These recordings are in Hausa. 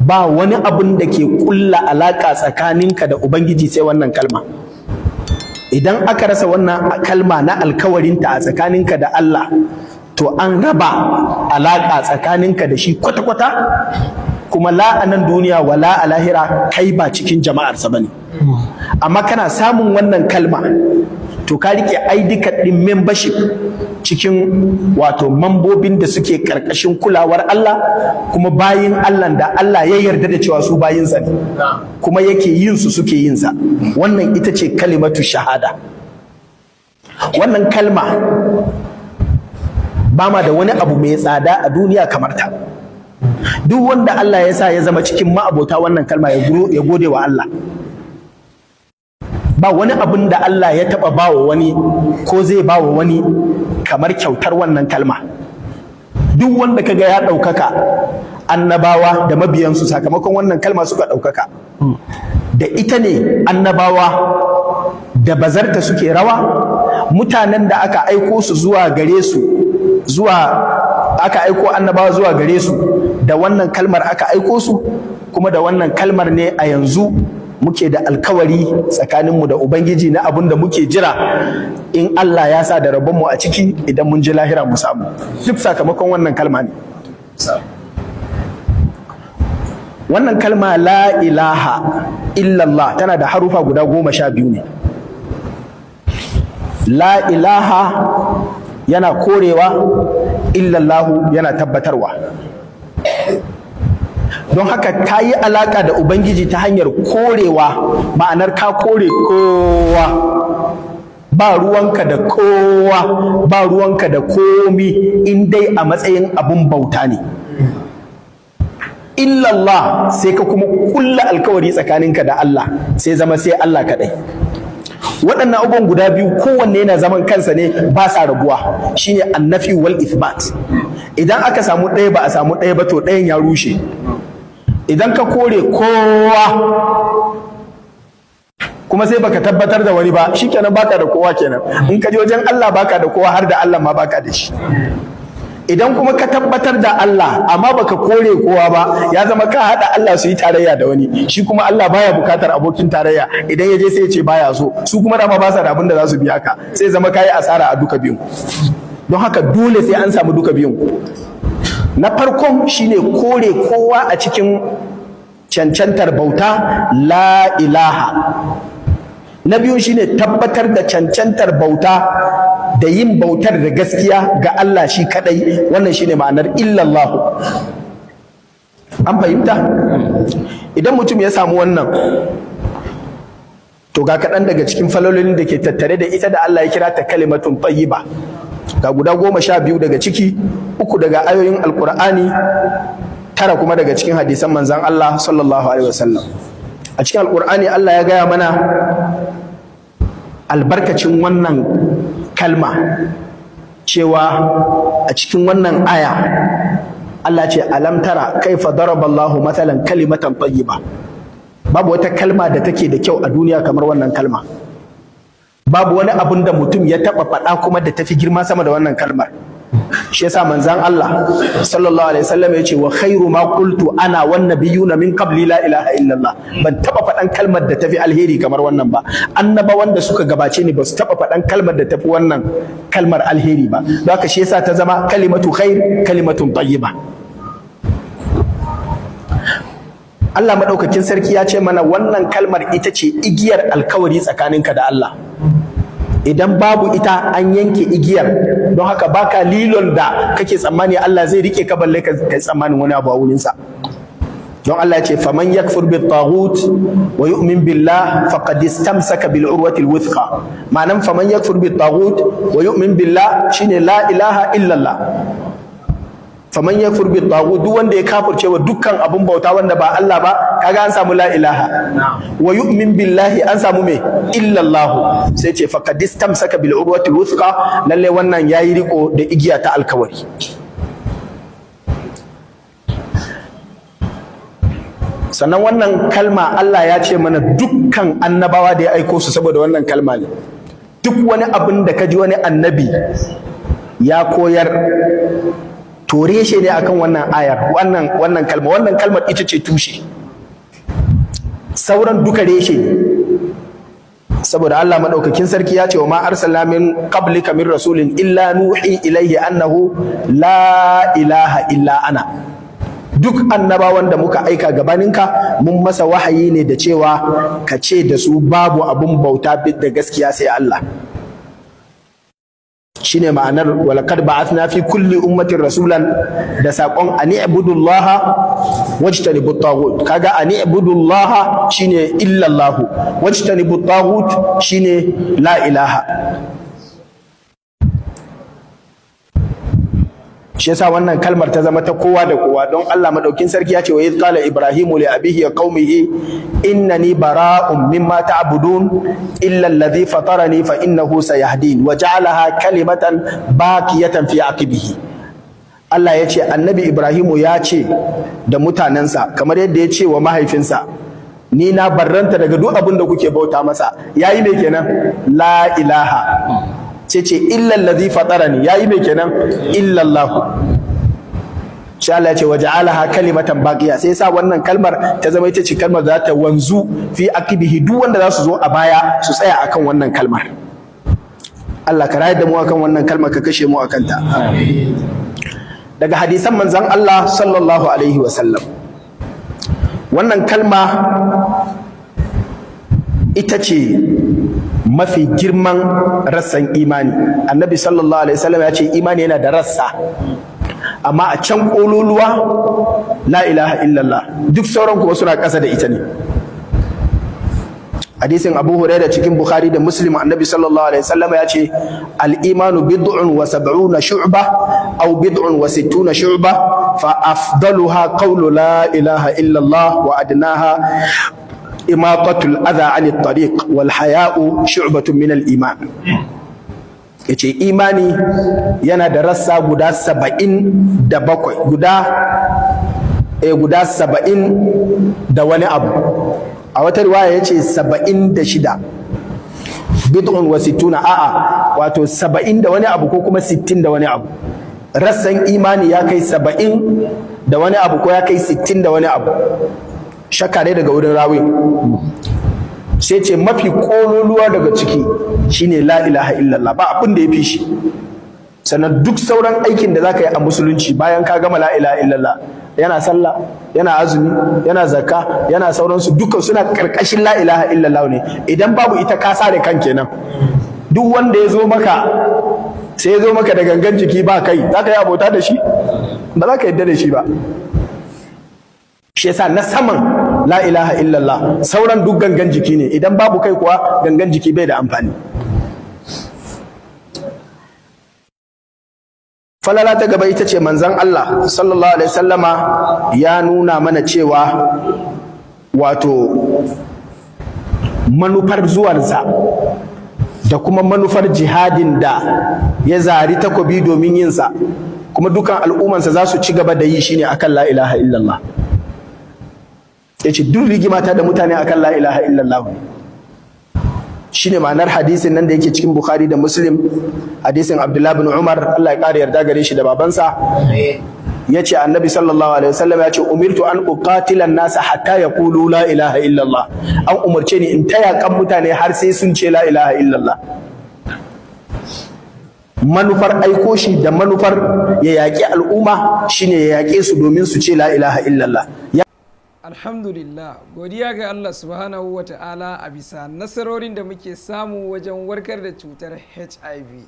ba wani abun da ke ƙulla alaƙa tsakaninka da ubangiji sai wannan kalma idan aka rasa wannan kalma na alkawarinta a tsakaninka da Allah to an raba alaka tsakaninka da shi kwata-kwata kuma la'anan duniya wa la'alahira a lahira kai ba cikin jama'arsa ba ne. amma kana samun wannan kalma to ka rike ID card din membership cikin wato mambobin da suke karkashin kulawar Allah kuma bayin Allah da Allah ya yarda da cewa su bayinsa ne kuma yake yin su suke yin sa wannan ita ce kalimatu shahada wannan kalma ba ma da wani abu mai tsada a duniya kamar ta duk wanda Allah ya sa ya zama cikin ma'abota wannan kalma ya gode wa Allah ba wani abin da Allah ya taɓa bawa wani ko zai bawa wani kamar kyautar wannan kalma duk wanda kaga ya ɗaukaka annabawa da mabiyansu sakamakon wannan kalma suka ɗaukaka da ita ne annabawa da bazarta suke rawa mutanen da aka aiko su zuwa gare su zuwa aka aiko annabawa zuwa gare su da wannan kalmar aka aiko su kuma da wannan kalmar ne a yanzu muke da alkawari tsakaninmu da ubangiji na abin da muke jira in Allah ya sa da rabonmu a ciki idan mun ji lahira mu samu duk sakamakon wannan kalma ne wannan kalma la ilaha illallah tana da harufa guda goma sha biyu ne la ilaha yana korewa illallahu yana tabbatarwa don haka ta yi alaƙa da ubangiji ta hanyar korewa ma'anar ka kore kowa ba ruwanka da kowa ba ruwanka da komi in dai a matsayin abun bauta ne illallah sai ka kuma kulla alkawari tsakaninka da Allah sai zama sai Allah kaɗai waɗannan abubuwan guda biyu kowanne yana zaman kansa ne ba sa rabuwa shine annafi wal ithbat idan aka samu ɗaya ba a samu ɗaya ba to ɗayan ya rushe idan ka kore kowa kuma sai baka tabbatar da wani ba shikenan baka da kowa kenan in ka je wajen Allah baka da kowa har da Allah ma baka da shi idan kuma ka tabbatar da Allah amma baka kore kowa ba ya zama ka hada Allah su yi tarayya da wani shi kuma Allah baya bukatar abokin tarayya idan ya je sai ya ce baya so su kuma dama ba sa da abin da za su biya ka sai zama kayi asara a duka biyun don haka dole sai an samu duka biyun na farkon shine kore kowa a cikin cancantar bauta la ilaha na biyu shine tabbatar da cancantar bauta da yin bautar da gaskiya ga Allah shi kadai wannan shine ma'anar illallah an fahimta idan mutum ya samu wannan to ga kaɗan daga cikin falolin da ke tattare da ita da Allah ya kira ta kalimatun tayyiba ga guda goma sha biyu daga ciki uku daga ayoyin alkur'ani tara kuma daga cikin hadisan manzan Allah sallallahu alaihi wasallam a cikin alkur'ani Allah ya gaya mana albarkacin wannan kalma cewa a cikin wannan aya Allah ce alam tara kaifa daraballahu mathalan kalimatan tayyiba babu wata kalma da take da kyau a duniya kamar wannan kalma babu wani abun da mutum ya taba faɗa kuma da tafi girma sama da wannan kalmar shi yasa manzan Allah sallallahu alaihi wasallam ya ce wa khairu ma qultu ana wan biyunamin min qabli la ilaha illallah ban taba faɗan kalmar da tafi alheri kamar wannan ba annaba wanda suka gabace ni ba su taba faɗan kalmar da tafi wannan kalmar alheri ba don haka shi yasa ta zama kalimatu khair kalimatun tayyiba Allah madaukakin sarki ya ce mana wannan kalmar ita ce igiyar alkawari tsakaninka da Allah idan babu ita an yanke igiyar don haka baka lilon da kake tsammani Allah zai rike ka balle ka tsammanin wani abu a wurinsa don Allah ce faman yakfur bit taghut wa yu'min billah faqad istamsaka bil urwati al wuthqa ma'anan faman yakfur bit taghut wa yu'min billah shine la ilaha illallah faman ya furbi tagu duk wanda ya kafurce wa dukkan abun bauta wanda ba Allah ba kaga an samu la ilaha wa yu'min billahi an samu me illa Allah sai ce fa tam saka bil urwati wuthqa lalle wannan yayi riko da igiya ta alkawari sannan wannan kalma Allah ya ce mana dukkan annabawa da ya aiko su saboda wannan kalma ne duk wani abin da ka ji wani annabi ya koyar to reshe ne akan wannan ayar wannan wannan kalma wannan kalmar ita ce tushe sauran duka reshe ne. saboda Allah madaukakin sarki ya ce wa ma arsalna min qablika min rasulin illa nuhi ilayhi annahu la ilaha illa ana duk annabawan da muka aika gabaninka mun masa wahayi ne da cewa ka ce da su babu abun bauta da gaskiya sai Allah shine ma'anar walakad ba'athna fi kulli ummatin rasulan da sakon ani ibudullaha wajtanibu taghut kaga ani ibudullaha shine illallahu wajtanibu taghut shine la ilaha shi yasa wannan kalmar ta zama ta kowa da kowa don Allah madaukin sarki ya ce wa qala ibrahimu li abihi wa qaumihi innani bara'un mimma ta'budun illa alladhi fatarani fa innahu sayahdin wa ja'alaha kalimatan baqiyatan fi aqibihi Allah ya ce annabi ibrahimu ya ce da mutanensa kamar yadda ya ce wa mahaifinsa ni na barranta daga duk abin da kuke bauta masa yayi me kenan la ilaha sai ce illal ne fatarani yayi mai kenan illallah sha Allah ce waja'alaha kalimatan baqiya sai yasa wannan kalmar ta zama ita ce kalmar za ta wanzu fi akibihi duk wanda za su zo a baya su tsaya akan wannan kalmar Allah ka rayar da mu akan wannan kalmar ka kashe mu akan ta daga hadisan manzon Allah sallallahu alaihi wa sallam wannan kalma ita ce mafi girman rassan imani annabi sallallahu alaihi wasallam ya ce imani yana da rassa amma a can kololuwa la ilaha illallah duk sauran kuma suna ƙasa da ita ne hadisin abu huraira cikin bukhari da muslim annabi sallallahu alaihi wasallam ya ce al-imanu bid'un wa sab'una shu'ba aw bid'un wa sittuna shu'ba fa afdaluha qawlu la ilaha illallah wa adnaha imatatul adha ani tariq wal haya'u shu'batun min al-iman yace imani yana da rassa guda 77 guda eh guda 70 da wani abu a wata riwaya yace 76 bid'un wa sittuna a'a wato saba'in da wani abu ko kuma sittin da wani abu rassan imani ya kai saba'in da wani abu ko ya kai sittin da wani abu shakka ne daga wurin rawi sai ce mafi kololuwa daga ciki shine la ilaha illallah ba abin da ya fi shi sannan duk sauran aikin da zaka yi a musulunci bayan ka gama la ilaha illallah yana sallah yana azumi yana zakka yana sauransu dukkan suna karkashin la ilaha illallah ne idan babu ita ka sare kan kenan duk wanda ya zo maka sai ya zo maka da gangan jiki ba kai zaka yi abota da shi ba za ka yadda da shi ba shi yasa na saman la ilaha illallah sauran duk gangan jiki ne idan babu kai kuwa gangan jiki bai da amfani falala ta gaba ita ce manzon Allah sallallahu alaihi sallama ya nuna mana cewa wato manufar zuwarsa da kuma manufar jihadin da ya zari takobi domin yinsa kuma dukan al'ummansa za su ci gaba da yi shine akan la ilaha illallah ya ce duk rigimata da mutane akan la ilaha illallah shine ma'anar hadisin nan da yake cikin bukhari da muslim hadisin abdullahi bin umar allah ya kare yarda gare shi da babansa ya ce annabi sallallahu alaihi wasallam ya ce umirtu an uqatila nasa hatta yaqulu la ilaha illallah an umarce ni in taya kan mutane har sai sun ce la ilaha illallah manufar aiko shi da manufar ya yaƙi al'umma shine ya yaƙe su domin su ce la ilaha illallah alhamdulillah godiya ga allah subhanahu wa ta'ala a bisa nasarorin da muke samu wajen warkar da cutar hiv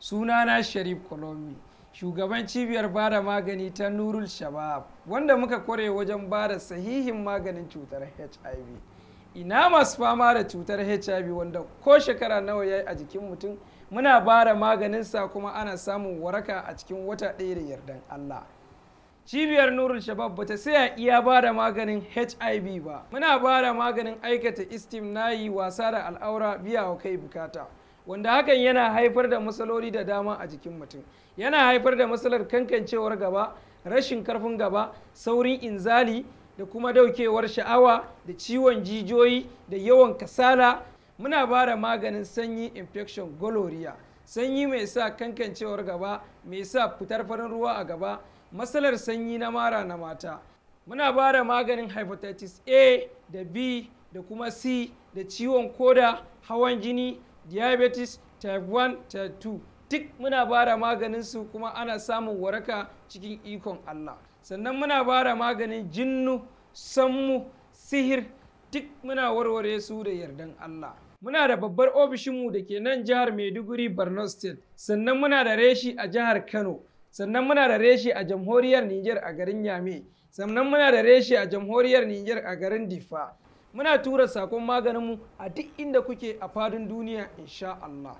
sunana sharif kolomi shugaban cibiyar bada magani ta nurul shabab wanda muka kware wajen bada sahihin maganin cutar hiv ina masu fama da cutar hiv wanda ko shekara nawa ya yi a jikin mutum muna bada maganinsa kuma ana samun waraka a cikin wata ɗaya da yardan allah cibiyar nurul shabab bata saya iya ba da maganin hiv ba muna ba da maganin aikata istim na yi wasa da al'aura biya wa kai bukata wanda hakan yana haifar da matsaloli da dama a jikin mutum yana haifar da matsalar kankancewar gaba rashin karfin gaba saurin inzali da kuma daukewar sha'awa da ciwon jijiyoyi da yawan kasala muna ba da maganin sanyi infection gonorrhea sanyi mai sa kankancewar gaba mai sa fitar farin ruwa a gaba matsalar sanyi na mara na mata muna ba da maganin hepatitis a da b da kuma c da ciwon koda hawan jini diabetes type 1 type 2 duk muna ba da maganin su kuma ana samun waraka cikin ikon allah sannan muna ba da maganin jinnu sammu sihir duk muna warware su da yardan allah muna da babbar ofishinmu da ke nan jihar maiduguri borno state sannan muna da reshi a jihar kano sannan muna da reshe a jamhuriyar Nijar a garin Yame sannan muna da reshe a jamhuriyar Nijar a garin Difa muna tura sakon maganinmu a duk inda kuke a fadin duniya insha Allah